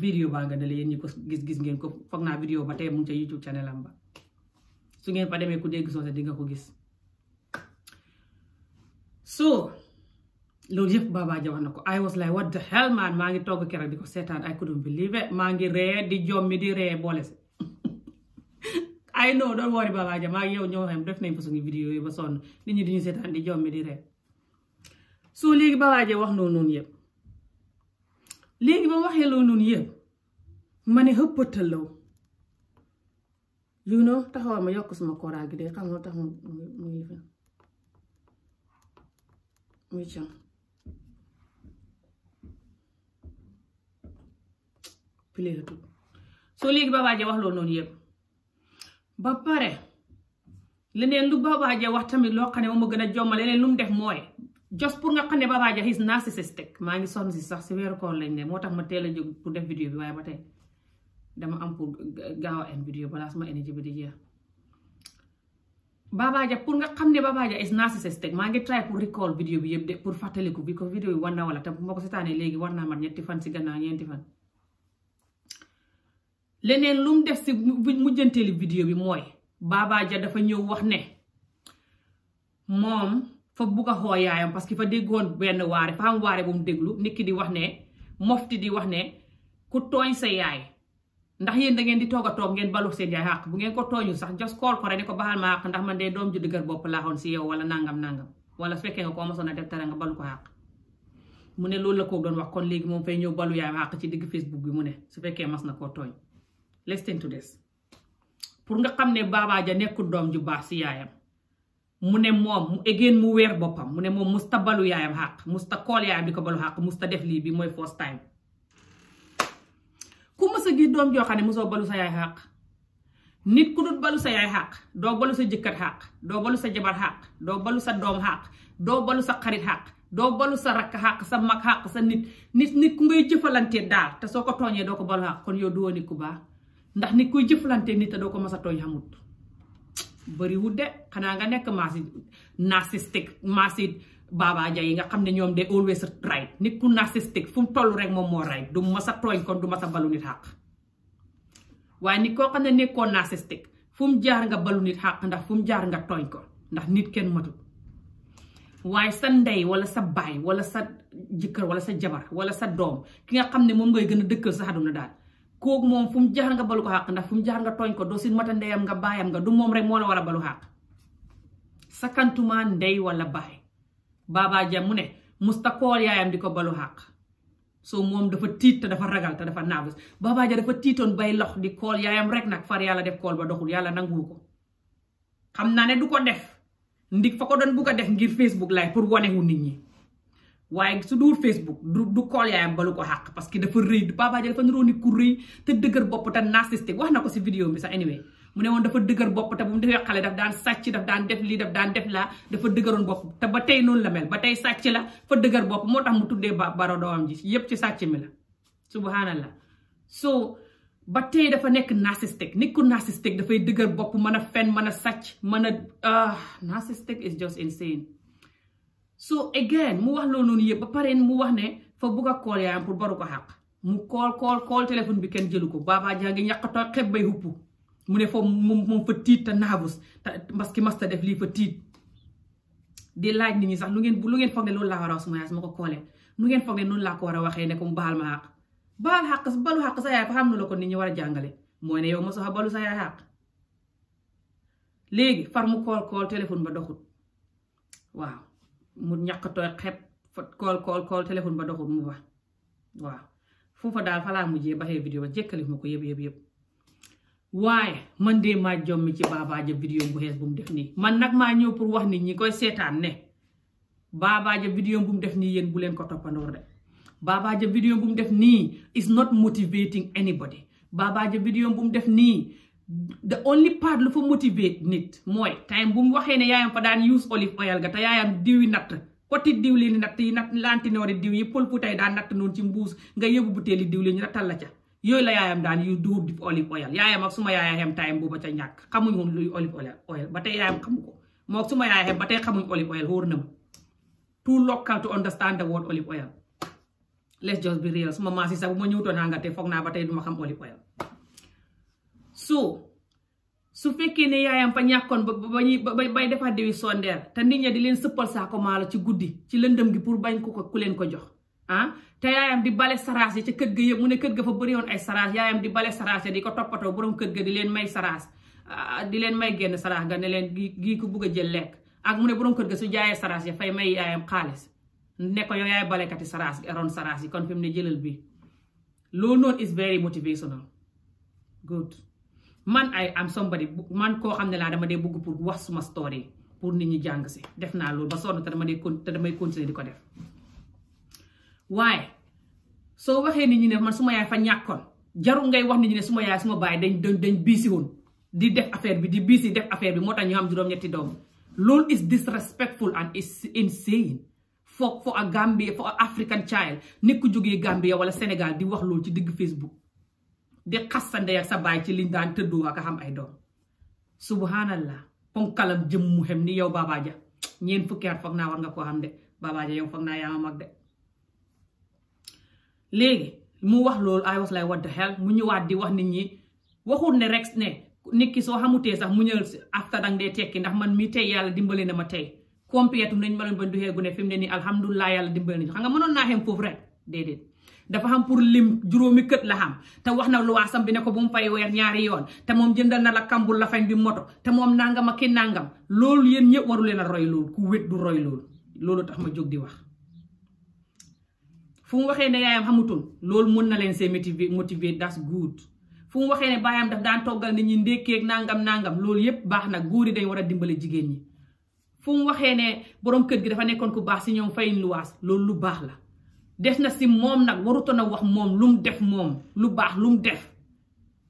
vidéo baa nga dale yéen ñi ko gis-gis ngeen ko foog naa vidéo ba tey mu ngi ca YouTube channel su ngeen fa demee ku dégg soose di nga ko gis so loolu yëpp Baba Jah wax na ko ay was like what the hell maa ngi toog keroog di ko seetaan I couldn't believe it maa ngi ree di jommi di ree boole si ay no doon woori Baba maa yow ñoo xam def nañ fa suñu vidéo yi ba sonn nit ñi dañuy seetaan di jommi di ree soo léegi wax ba waxee loo noonu yëpp ma ne xëppatalaw you ma yokk suma koraa gi de xam nga tax wax loo noonu yëpp ba pare leneen lu Baba Jah wax tamit loo xam ne moom moo gën a jommal leneen lu mu def mooy just pour nga xam ne Baba Jah is narcissistic maa ngi sonn si sax si weeru koor moo tax ma a jóg pour def bi waaye ba tey dama am pour gaaw a am vidéo balaa sama énergie di jeex Baba Jah pour nga xam ne Baba Jah is narcissistic maa ngi try pour recall vidéo bi yëpp de pour fàttaliku ko vidéo bi war na wala te ma ko seetaanee léegi war mat ñetti fan si gannaaw ñeenti fan leneen lu mu def si mujjanteelu vidéo bi mooy Baba Jah dafa ñëw wax ne moom fa bugg a xoo yaayam parce que fa déggoon benn waare fa am waare bu mu déglu nit ki di wax ne mofti di wax ne ku tooñ sa yaay ndax yéen da ngeen di toog a toog ngeen balu seen bu ngeen ko tooñul sax jos kool ko rek ne ko baal ma xàq ndax man dee doom ju dëgër bopp laaxoon si yow wala nangam nangam wala su fekkee nga ko mosoon a def tara nga balu ko xàq mu ne loolu la ko doon wax kon léegi moom fay ñëw balu yaayam xàq ci digg Facebook bi mu ne su fekkee mas na koo tooñ lestin to pour nga xam ne Baba Jah nekkul doom ju baax ci yaayam mu ne moom mu egeen mu weer boppam mu ne moom musta balu yaayam xàq musta kool yaayam di ko balu xàq musta def lii bi mooy first time ku mës a doom joo xam ne mosoo balu sa yaay xàq nit ku dut balu sa yaay xàq doo balu sa jëkkër xàq doo balu sa jabar xàq doo balu sa doom xàq doo balu sa xarit xàq doo balu sa rakk xàq sa mag xàq sa nit nit nit ku ngay jëfalante daal te soo ko tooñee doo ko kon yow du ndax nit kuy jëflante nit te doo ko mas a tooñ xamut bëriwut de xanaa nga nekk maasi narcissistique maasi baaba ja yi nga xam ne ñoom de always right nit ku narcissistique fu mu toll rek moom moo right du mas a tooñ kon du mas a balu nit xàq waaye nit koo xam ne nekkoo narcissistique fu mu jaar nga balu nit xàq ndax fu mu jaar nga tooñ ko ndax nit kenn matut waaye sa ndey wala sa baay wala sa jëkkër wala sa jabar wala sa doom ki nga xam ne moom ngay gën a dëkkal sa àdduna daal kooku moom fu mu jaar nga balu ko xàq ndax fu mu jaar nga tooñ ko doo si mata ndeyam nga baayam nga du moom rek moo la war a balu xàq sakantuma ndey wala baay baaba ja mu ne musta kool yaayam di ko balu xàq soo moom dafa tiit te dafa ragal te dafa naabus baaba ja dafa tiitoon bay lox di kool yaayam rek nag far yàlla def kool ba doxul yàlla nanguwu ko xam naa ne du ko def ndig fa ko doon bugg def ngir Facebook live pour wane wu nit ñi waaye su duur Facebook du du kool yaayam balu ko xàq parce que dafa rëy du Papa Dia dafa niroon ni ku rëy te dëgër bopp te narcissistique wax na ko si vidéo bi sax anyway mu ne woon dafa dëgër bopp te bu mu xale daf daan sàcc daf daan def lii daf daan def laa dafa dëgëroon bopp te ba tey noonu la mel ba tey sàcc la fa dëgër bopp moo tax mu tuddee ba baro doom ji yépp ci sàcc mi la subhanallah soo ba tey dafa nekk narcissistic nit ku narcissistic dafay dëgër bopp mën a fen mën a sàcc mën a ah narcissistic is just insane so again mu wax loolu noonu yëpp ba pare mu wax ne fa bugg a kool yaayam pour baru ko xàq mu kool kool kool téléphone bi kenn jëlu ko baaba jaa ngi ñaqatoo xeb bay hupp mu ne foofu moom tiit te naabus te masta def lii tiit di laaj nit ñi sax lu ngeen lu ngeen foog ne laa war a ko koolee nu ngeen foog ne noonu war a ne ko mu baal ma xàq baal xàq sa yaay fa xam la ko nit ñi war a jàngale mooy ne yow ma soxa balu sa yaay léegi far mu kool kool téléphone ba doxul waaw mu ñàkk tooy xepp kool kool kool téléphone ba doxul mu ba waaw foofa daal falaa mujjee baxee vidéo ba jékkali ma ko yëpp yëpp yëpp waaye man de ma jommi ci baabaaja vidéo bu xees bu mu def nii man nag maa ñëw pour wax ni ñi koy seetaan ne baabaaja vidéo bu mu def nii yéen bu leen ko toppandoor de baabaaja vidéo bu mu def is not motivating anybody baabaaja vidéo bu mu def nii the only part lu fa motivate nit mooy time bu mu waxee ne yaayam fa daan use olive oil ga te yaayam diwi natt poti diwli ni natt yi natt lantinoori diw yi pël putay daan natt noonu ci mbuus nga yóbbu butéeli diwli ñu nattal la ca yooyu la yaayam daan yu duur di olive oil yaayam ak suma yaayam time booba ca ñàkk xamuñ woon luy olive ba tey yaayam xamu ko moo suma yaayam ba tey xamuñ olive oil wóor na ma too local to understand the word olive oil let's just be real suma maas sax bu ma ñëwtoon Angleterre foog naa ba tey duma xam o so su fekkee ne yaayam fa ñàkkoon ba ba ñuy ba bay defar dewi sondeer te nit ña di leen sëppal saako maalo ci guddi ci lëndëm gi pour bañ ko ko ku leen ko jox ah te yaayam di bale saraas yi ca kër ga yëpp mu ne kër ga fa bëri woon ay saraas yaayam di bale saraas yi di ko toppatoo borom kër ga di leen may saraas ah, di leen may génn saraas nga ne leen gii ko bugg a jël lekk ak mu ne borom kër ga su jaayee saraas ya fay may yaayam xaalis ne ko yow yaay balekati saraas eroon saraas yi kon fi mu ne bi loolu is very motivational man ay am somebody man koo xam ne laa dama dee bëgg pour wax suma story pour nit ñi jàng si def naa loolu ba sonn te dama dee te damay continuer di ko def waaye soo waxee nit ñi ne man suma yaay fa ñàkkoon jarul ngay wax nit ñi ne suma yaay suma baay dañ dañ dañ biisi woon di def affaire bi di biisi def affaire bi moo tax ñu am juróom-ñetti doom loolu is disrespectful and is insane for for a Gambia for a African child nit ku jógee Gambia wala Sénégal di wax loolu ci digg Facebook. di xas sa ndey ak sa baay ci liñ daan tëddoo ak a xam ay doom subhanallah ponkalam jëm mu xem ni yow Baba Jah ñeent fukki at foog naa war nga koo xam de Baba yow foog naa yaa wax loolu I was like what the mu ñëwaat di wax nit ñi waxut ne rek ne nit ki soo xamutee sax mu ñëw afta dang dee tekki ndax man mi tey yàlla dimbali na ma tey compétu nañ ma doon ba duxeegu ne fi mu ne nii alhamdulilah yàlla dimbali nañu xam nga mënoon naa xem foofu rek dafa xam pour lim juróomi kët la xam te wax na luwaasam bi ne ko bu mu fay weer ñaari yoon te moom jëndal na la kambul la fañ bi moto te moom nangam ak ki nangam loolu yéen ñëpp waru leen a roy ku wét du roy loolu loolu tax ma jóg di wax. fu mu waxee ne yaayam xamutoon loolu mën na leen see motiver motiver das good fu mu waxee ne baayam daf daan toggal nit ñi ndékkeeg nangam loolu yépp baax na góor yi dañ war a dimbale jigéen ñi fu mu waxee ne borom kër gi dafa nekkoon ku baax si ñoom fayin luwaas loolu lu baax la. def na si moom nag warutoon a wax moom lu mu def moom lu baax lu mu def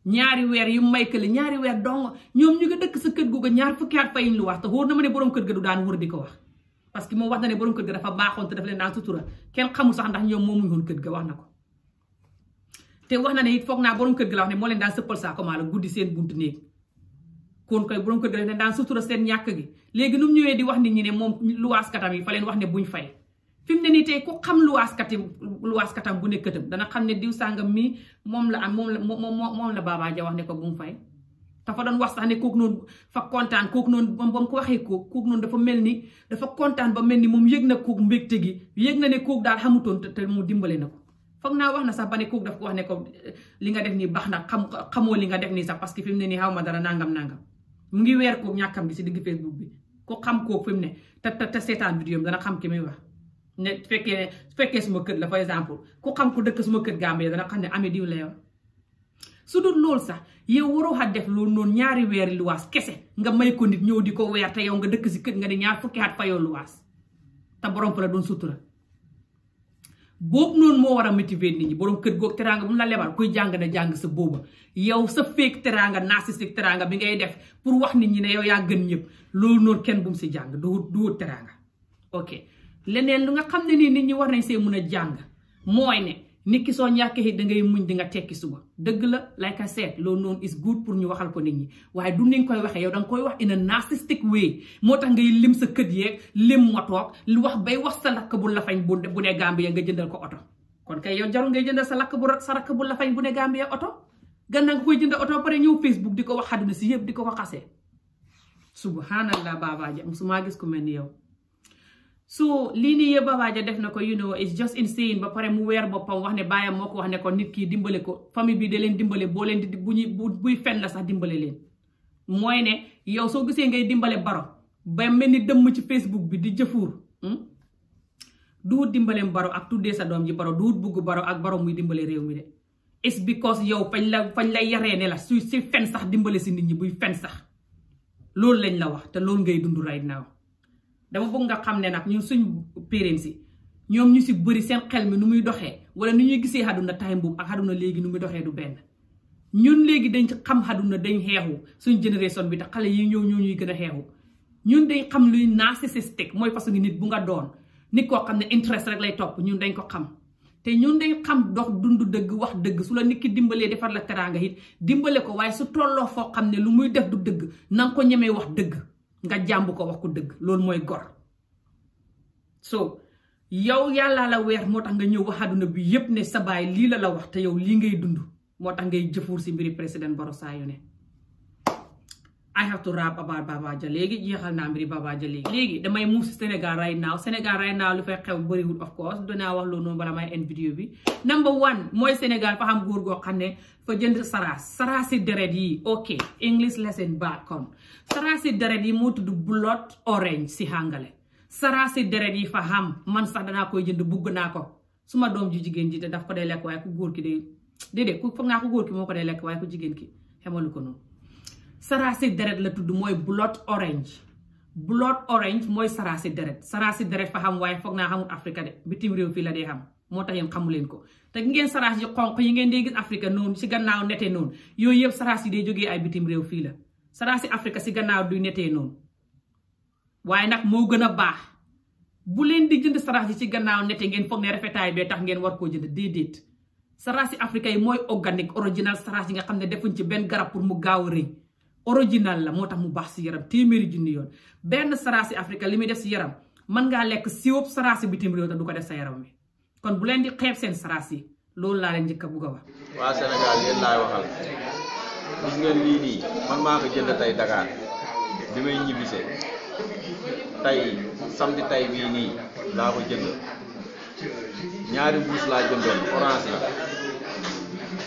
ñaari weer yu may kële ñaari weer dong ñoom ñu ngi dëkk sa kër googu ñaar fukki at fayin lu wax te wóor na ma ne borom kër ga du daan di ko wax. parce que moom wax na ne borom kër ga dafa baaxoon te dafa leen daan sutura kenn xamul sax na ko te wax na ne it foog naa borom kër gi la wax ne moo leen daan sëppal saako maa la guddi seen buntu néeg kon koy borom kër ga dafa leen daan sutura seen ñàkk gi léegi nu mu ñëwee di wax nit ñi ne moom luwaas katam yi fa leen wax ne buñ fay fi mu ne nii tey ku xam luwaaskatim luwaaskatam bu nekkatam dana xam ne diw sàngam mi moom la am moom la moom la Baba Jah wax ne ko bu mu fay dafa doon wax sax ne kooku noonu fa kontaan kook noonu ba mu ko waxee kooku kooku noonu dafa mel ni dafa kontaan ba mel ni moom yëg na kooku mbégte gi yëg na ne kooku daal xamutoon te te mu dimbale na ko foog naa wax na sax ba ne kooku daf ko wax ne ko li nga def nii baax na xam xamoo li nga def nii sax parce que fi ne nii xaw ma dara nangam nangam mu ngi weer kooku ñàkkam gi si digg Facebook bi ku xam kooku fi mu ne te te seetaan vidéo dana xam ki muy wax ne su fekkee ne su fekkee suma kër la par exemple ku xam ku dëkk suma kër Gambie dana xam ne amee diw yoon su dul loolu sax yow waroo xa def loolu noon ñaari weeri luwaas kese nga may ko nit ñëw di ko weer te yow nga dëkk si kër nga ne ñaar fukki at fayoo luwaas te borom fa la doon sutura boobu noon moo war a motiver nit ñi borom kër goog teraanga bu mu la lebal kuy jàng na jàng sa booba yow sa fake teraanga si narcissique teraanga bi ngay def pour wax nit ñi ne yow ñëpp loolu noonu kenn bu si jàng du du leneen lu nga xam ne nii nit ñi war nañ see mun a jàng mooy ne nit ki soo ñàkkee da ngay muñ di nga tekki suba dëgg la like I said loolu noonu is good pour ñu waxal ko nit ñi waaye du niñ koy waxee yow danga koy wax in a narcissistic way moo tax ngay lim sa kët yeeg lim motoog lu wax bay wax sa lakk bu lafañ bu bu ne Gambia nga jëndal ko oto kon kay yow jarul ngay jëndal sa lakk bu sa rakk bu lafañ bu ne Gambia oto gannaaw nga koy jënd oto pare ñëw Facebook di ko wax àdduna si yëpp di ko ko xasee subhanallah baaba ja musumaa gis ku mel ni yow so lii nii yëpp Baba Jah def na ko you know it's just insane ba pare mu weer boppam wax ne baayam moo ko wax ne ko nit ki dimbale ko famille bi da leen dimbale boo leen di bu ñuy buy fen la sax dimbale leen mooy ne yow soo gisee ngay dimbale baro ba mel ni dëmm ci Facebook bi di jëfuur hmm? duut dimbaleem baro ak tuddee sa doom ji baro duut bugg baro ak baro muy dimbale réew mi de it's because yow fañ la fañ la yaree ne la su si fen sax dimbale si nit ñi buy fen sax loolu lañ la wax te loolu ngay dund right now dama bëgg nga xam ne nag ñun suñ parents yi ñoom ñu si bëri seen xel mi nu muy doxee wala nu ñuy gisee xaduna time boobu ak xaduna léegi nu muy doxee du benn ñun léegi dañ xam xaduna dañ xeexu suñ génération bi te xale yi ñëw ñoo ñuy gën a xeexu ñun dañ xam luy narcissistique mooy façon nit bu nga doon nit koo xam ne interest rek lay topp ñun dañ ko xam te ñun dañ xam dox dund dëgg wax dëgg su la nikki ki dimbalee defar la teraanga it dimbale ko waaye su tolloo foo xam ne lu muy def du dëgg na ko ñemee wax dëgg nga jàmb ko wax ko dëgg loolu mooy gor so yow yàllaa la weer moo tax nga ñëw wax àdduna bi yépp ne sa baay lii la la wax te yow lii ngay dund moo tax ngay jëfuur si mbiri président Barrow saa yu ne I have to rap about Baba Jah léegi jeexal naa mbiri Baba léegi damay move Sénégal right now Sénégal right now lu fay xew bëriwul of course danaa wax loolu noonu bala may end vidéo bi number one mooy Sénégal fa xam góor goo xam ne fa jënd saraas saraasi deret yi ok English lesson back on si deret yi moo tudd blood orange si hàngale saraasi deret yi fa xam man sax danaa koy jënd bugg naa ko suma doom ji jigéen ji te daf ko day lekk waaye ku góor ki day déedéet ku moo ko day lekk waaye ku jigéen ki xemalu ko noonu sarasi deret la tudd mooy blood orange blood orange mooy sarasi deret sarasi deret fa xam waaye foog naa xamul Afrique de bitim réew fii la dee xam moo tax yéen xamu leen ko te ngeen saras yi xonq yi ngeen dee gis Afrique noonu si gannaaw nete noonu yooyu yëpp saras day jógee ay bitim réew fii la saras yi si gannaaw duy netee noonu waaye nag moo gën a baax bu leen di jënd saras yi si gannaaw nete ngeen foog ne rafetaay bee tax ngeen war koo jënd déedéet saras yi Afrique yi mooy organique original saras yi nga xam ne defuñ ci benn garab pour mu gaaw a original la moo tax mu baax si yaram téeméeri junni yoon benn saraasi Afrique li muy def si yaram man ngaa lekk siwop saraasi bitim réew te du ko def sa yaram bi kon bu leen di xeeb seen yi loolu laa leen njëkk a bugg a wax. waa Sénégal yéen laay waxal gis ngeen lii nii man maa ko jënd tey Dakar bi may ñibbisee tey samedi tey bii nii laa ko jënd ñaari mbuus laa jëndoon orange la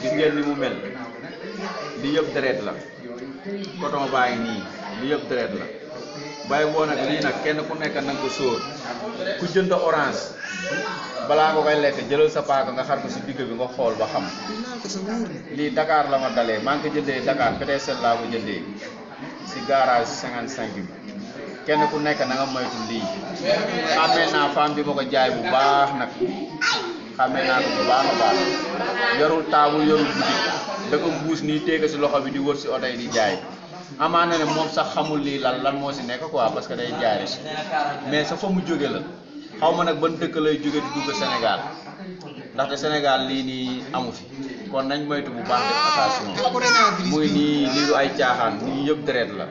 gis ngeen ni mu mel li yëpp deret la. coton baa ngi nii li yëpp deret la bàyyi woo nag lii nag kenn ku nekk nanga ko sóor ku jënd orange balaa nga koy lekk jëlal sa paaka nga xar ko si digg bi nga xool ba xam lii dakaar la ma dalee maa ngi ko jëndee Dakar PDCL laa ko jëndee si garage 55 bi kenn ku nekk na nga moytu lii xàmmee naa femme bi ma ko jaay bu baax nag xàmmee naa ko bu baax a baax yorul taabul yorul guddi da buus nii téega si loxo bi di wër si oto yi di jaay amaana ne moom sax xamul lii lan lan moo si nekk quoi parce que day jaay mais sa fa mu jóge la xaw ma nag ban dëkk lay jóge di dugg Sénégal ndaxte Sénégal lii nii amu fi kon nañ moytu bu baax def muy nii lii du ay caaxaan nii yëpp deret la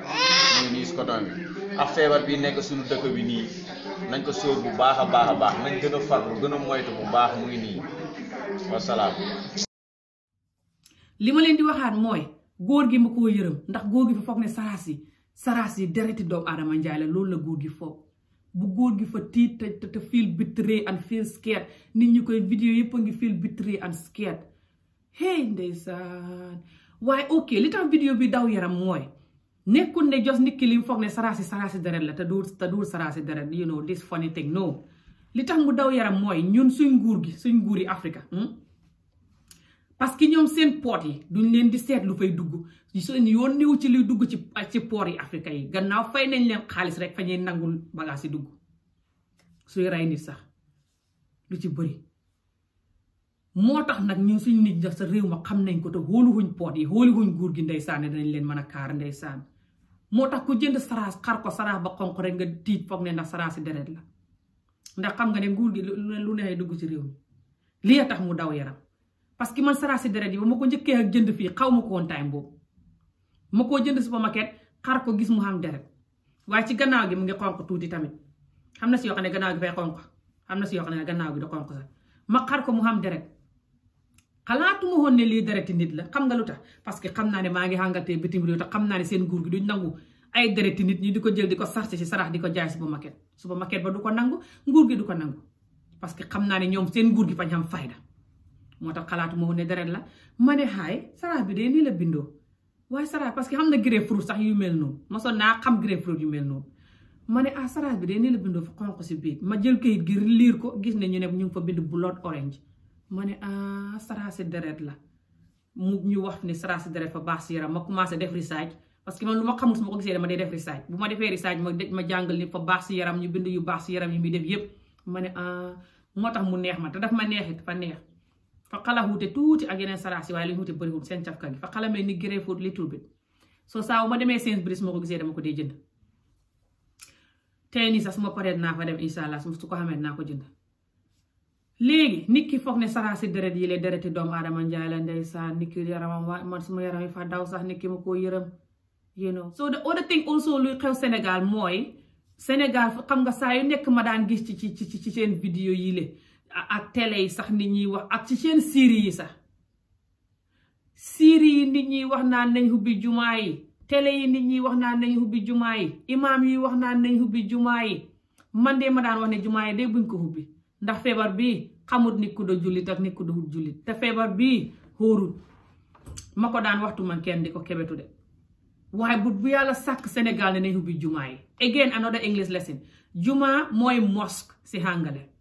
muy nii scoton bi ak feebar bi nekk suñu dëkk bi nii nañ ko sóor bu baax a baax a baax nañ gën a farlu gën a moytu bu baax muy nii wasalaam li ma leen di waxaat mooy góor gi mu koo yërëm ndax góor gi fa foog ne saraas yi saraas yi dereti doomu aadama njaay la loolu la góor gi foog bu góor gi fa tiit te te feel betrayed and feel scared nit ñi koy vidéo yëpp a ngi feel betrayed and scared hey ndeysaan waaye ok li tax vidéo bi daw yaram mooy nekkul ne jos nit ki li mu foog ne saraasi saraasi deret la te du te duur saraasi deret you know this funny thing no li tax mu daw yaram mooy ñun suñ nguur gi suñ nguur yi Afrika. Hmm? parce que ñoom seen poot yi duñ leen di seet lu fay dugg seen yoon néew ci luy dugg ci ci poor yi Afrique yi gannaaw fay nañ leen xaalis rek fa ñuy nangul bagaas yi dugg suy rey sax lu ci bëri moo tax nag ñun suñ nit ña sa réew ma xam nañ ko te wóoluwuñ poot yi wóoluwuñ nguur gi ndeysaan danañ leen mën a kaar saan moo tax ku jënd saraas xar ko saraas ba xonq rek nga tiit foog ne ndax saraas si deret la ndax xam nga ne nguur gi lu ne dugg ci réew mi lii tax mu daw yaram parce que man saraasi deret yi ba ma ko njëkkee ak jënd fii xaw ma ko woon time boobu ma koo jënd supermarket xar ko gis mu xam deret waaye ci gannaaw gi mu ngi xonq tuuti tamit xam na si yoo xam ne gannaaw gi fay xonq xam na si yoo xam ne gannaaw gi da xonq sax ma xar ko mu xam deret xalaatu ma woon ne lii dereti nit la xam nga lu tax parce que xam naa ne maa ngi xàngatee bitim réew te xam naa ne seen nguur gi duñ nangu ñi di ko jël di ko sarse si sarax di ko jaay supermarket supermarket ba du ko nangu nguur gi du ko nangu parce que xam naa ne ñoom seen nguur gi fañ xam fayda moo tax xalaatu ma ne deret la ma ne xaay sarax bi de nii la bindoo waaye sarax parce que xam na grapefruit sax yu mel noonu ma sonn naa xam grapefruit yu mel ma ne ah sarax bi de nii la bindoo fa xonq si biir ma jël kayit gi liir ko gis ne ñu ne ñu ngi fa bind blood orange ma ne ah sarax si deret la mu ñu wax ni sarax si deret fa baax si yaram ma commencé def research parce que man lu ma xamul su ma ko gisee dama dee def research bu ma defee research ma ma jàngal ni fa baax si yaram ñu bind yu baax si yaram yi muy def yépp ma ne ah moo tax mu neex ma te daf ma neexit fa neex. fa xala xuute tuuti ak yeneen sarax waaye li xuute bëriwul seen cafka gi fa xala mel ni grapefruit li turbit soo saabu ma demee Sainsbury's moo ko gisee dama ko dee jënd tey nii sax naa fa dem incha allah su ko xamee naa ko jënd léegi nit ki foog ne sarax si deret yi la dereti doomu aadama njaay la ndeysaan nit ki yaramam waa man suma yaram fa daw sax nit ki ma koo yërëm you know so the other thing also luy xew Sénégal mooy Sénégal xam nga saa yu nekk ma daan gis ci ci ci seen vidéo yi le ak télé yi sax nit ñuy wax ak ci seen série yi sax série yi nit ñi wax naan nañ ubbi jumaa yi télé yi nit ñi wax naan nañ ubbi jumaa yi imaam yi wax naan nañ ubbi jumaa yi man de ma daan wax ne jumaa yi de buñ ko ubbi ndax feebar bi xamut nit ku do jullit ak nit ku doxul jullit te feebar bi xóorul ma ko daan waxtu man kenn di ko kebetu de waaye but bu yàlla sàkk senegal ne nañ ubbi jumaa yi again another English lesson jumaa mooy mosque si hàngale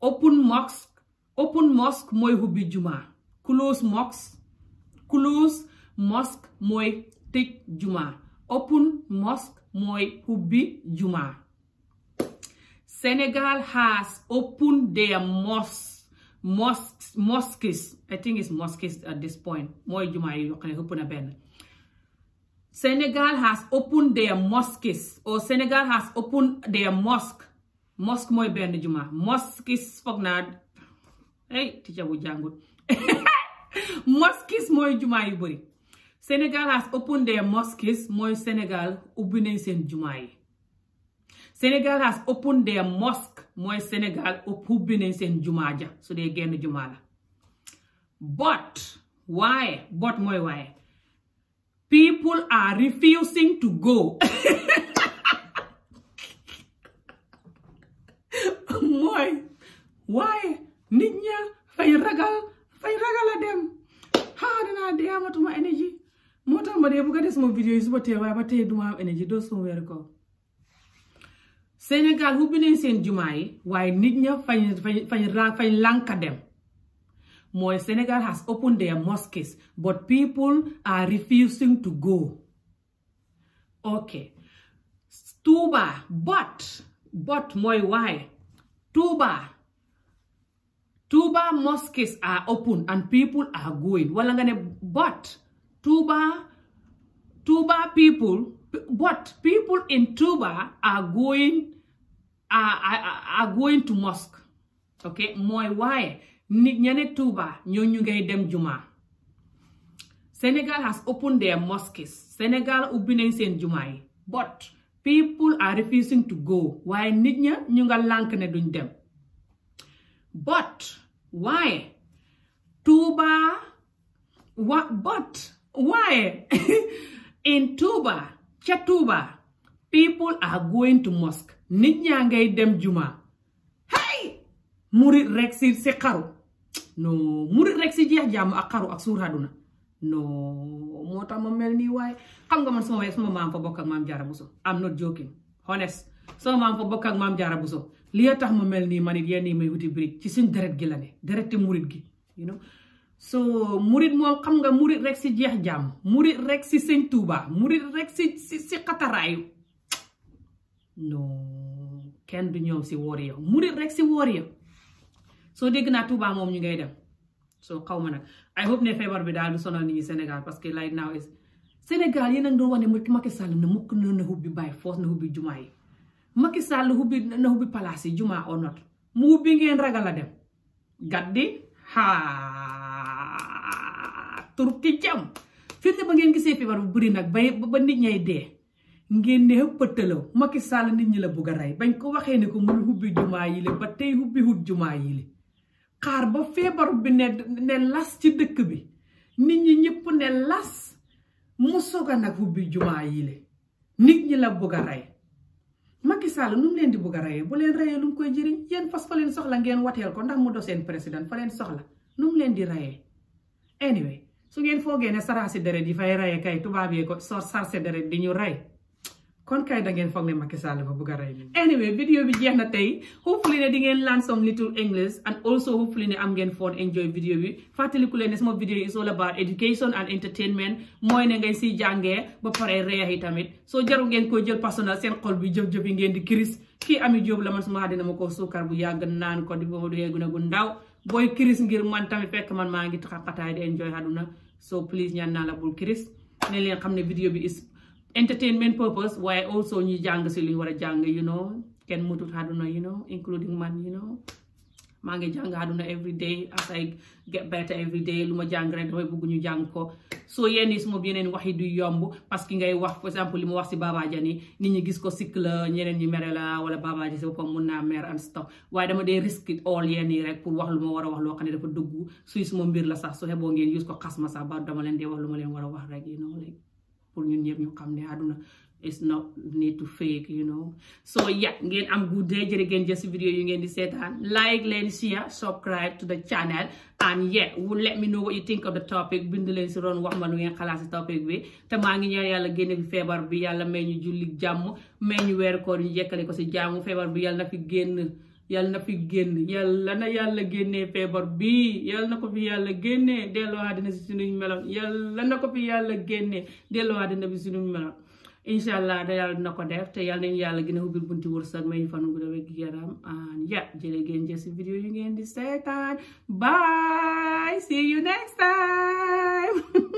open mosque open mosque mooy hubbi jumaa close mosque close mosque mooy tëj jumaa open mosque mooy hubbi jumaa Senegal has opened their mosques mosques at this point mooy jumaa yi yoo xam ne ëpp na benn Senegal has opened their mosques or Senegal has opened their mosque mosque mooy benn juma mosquis foog naa hey ticca bu jàngut *laughs* mosquis mooy jumaa yu bëri Sénégal has opened their mosques mooy Sénégal ubbi nañ seen juma yi Sénégal has opened their mosque mooy Sénégal ubbi nañ seen jumaa ja su dee genn juma la but waaye but mooy waaye people are refusing to go waaye nit ña fay ragal fay ragal a dem ah danaa dee amatuma énergie moo tax ma dee bëgg a def sama vidéo yi suba tee waaye ba tey duma am énergie suma weer ko Sénégal ubbi nañ seen jumaa yi waaye nit ña fañ fañ fañ fañ lànka dem mooy Sénégal has opened their mosques but people are refusing to go ok Touba but mooy waaye Touba Tuba mosques are open and people are going wala nga ne but Tuba Tuba people but people in Tuba are going are, going to mosque mooy waaye nit ña ne Tuba ñoo ñu ngay dem jumaa Senegal has opened their mosques Senegal ubbi nañ seen jumaa yi but people are refusing to go waaye nit ña ñu nga lànk duñ dem but waaye Touba but waaye *laughs* in Touba ca Touba people are going to mosque nit ñaa ngay dem jumaa hey murit rek si si xaru no murit rek si jeex jàmm ak xaru ak suur na no moo tax ma mel nii waaye xam nga man sama waaye sama maam fa bokk ak maam Jaara so I'm not joking honest sama maam fa bokk ak maam Jaara Buso li tax mu mel nii man it yenn yi may wuti brique ci suñ deret gi la ne deret te murit gi you know so murit moom xam nga murit rek si jeex jàmm murit rek si sëñ Tuuba murit rek si si si xataraayu kenn du ñëw si woor yow murit rek si woor yow soo dégg naa Tuuba moom ñu ngay dem soo xaw ma nag I hope ne feebar bi daal du sonal nit ñi Sénégal parce que right now is Sénégal yéen a ngi doon wax ne Macky Sall na mukk na na hubbi bàyyi foos na hubbi jumaa yi Macky Sall hubbi na hubbi palaas yi juma or mu hubbi ngeen ragal dem gaddi haa tur ki jam fitna ba ngeen gisee feebar bu bëri nag ba nit ñay dee ngeen ne pëttaloo Macky Sall nit ñi la bugg a rey bañ ko waxee ni ko mu hubbi jumaa yile ba tey hubbi hut jumaa yile xaar ba feebar bi ne ne las ci dëkk bi nit ñi ñëpp ne las mu soog a nag hubbi jumaa yile nit ñi la bugg rey Macky Sall nu leen di bugg a reyee bu leen reyee lu mu koy jëriñ yéen fas fa leen soxla ngeen wateel ko ndax mu do seen président fa leen soxla nu leen di reyee anyway su ngeen foogee ne saraasi deret yi fay reyee kay tubaab yee ko soo sarse deret di ñu rey kon kay da foog ne Macky Sall dafa bëgg a rey nii. anyway video bi jeex na tey hopefully ne di ngeen learn some little English and also hopefully ne am ngeen fun enjoy video leen ne sama video is all about education and entertainment mooy jàngee ba pare reex yi tamit soo jaru ngeen koo jël personnel seen xol bi jëf-jëf yi ngeen di kiris kii Amie Jobe la man suma xaar dina ma suukar bu yàgg naan ko di boobu dee gën a gu kiris ngir man tamit fekk man maa ngi taxataay di enjoy na so please ñaan naa la bul kiris ne leen xam ne video bi is entertainment purpose waaye also ñu jàng si lu ñu war a jàng you know kenn mutut àdduna you know including man you know maa ngi jàng àdduna every day as I get better every ma jàng rek damay ñu jàng ko soo yenn yi suma yeneen wax yi du yomb parce que ngay wax par li ma wax si Baba Jani nit ñi gis ko sikk la ñeneen ñi mere la wala Baba Jani si boppam mun naa mer and stuff waaye dama dee risk it all yenn rek pour wax lu ma war a wax loo xam ne dafa dugg suy suma mbir la sax su xeboo ngeen use ko xas ma sax ba dama leen dee wax lu ma leen war a wax rek you pour ñun ñëpp ñu xam ne àdduna it's not need to fake you know so yeah ngeen am good day jërë ngeen si vidéo yu ngeen di seetaan like leen share subscribe to the channel and yeah would let me know what you think of the topic bind leen si roon wax ma lu ngeen xalaat si topic bi te maa ngi ñaan yàlla génne fi feebar bi yàlla may ñu julli jàmm may ñu weer koor ñu jekkale ko si jàmm feebar bi yàlla na fi génn yàlla na fi génn yàlla na yàlla génnee feebar bii yàlla na ko fi yàlla génnee delloo àddina si suñu meloon yàlla na ko fi yàlla génnee delloo àddina bi suñu incha allah da yàlla dina ko def te yàlla nañu yàlla gën a ubbil bunti wërsëg may fanu bu dawee yaram an ya jërë ngeen jëf si vidéo yu ngeen di seetaan bye see you next time *laughs*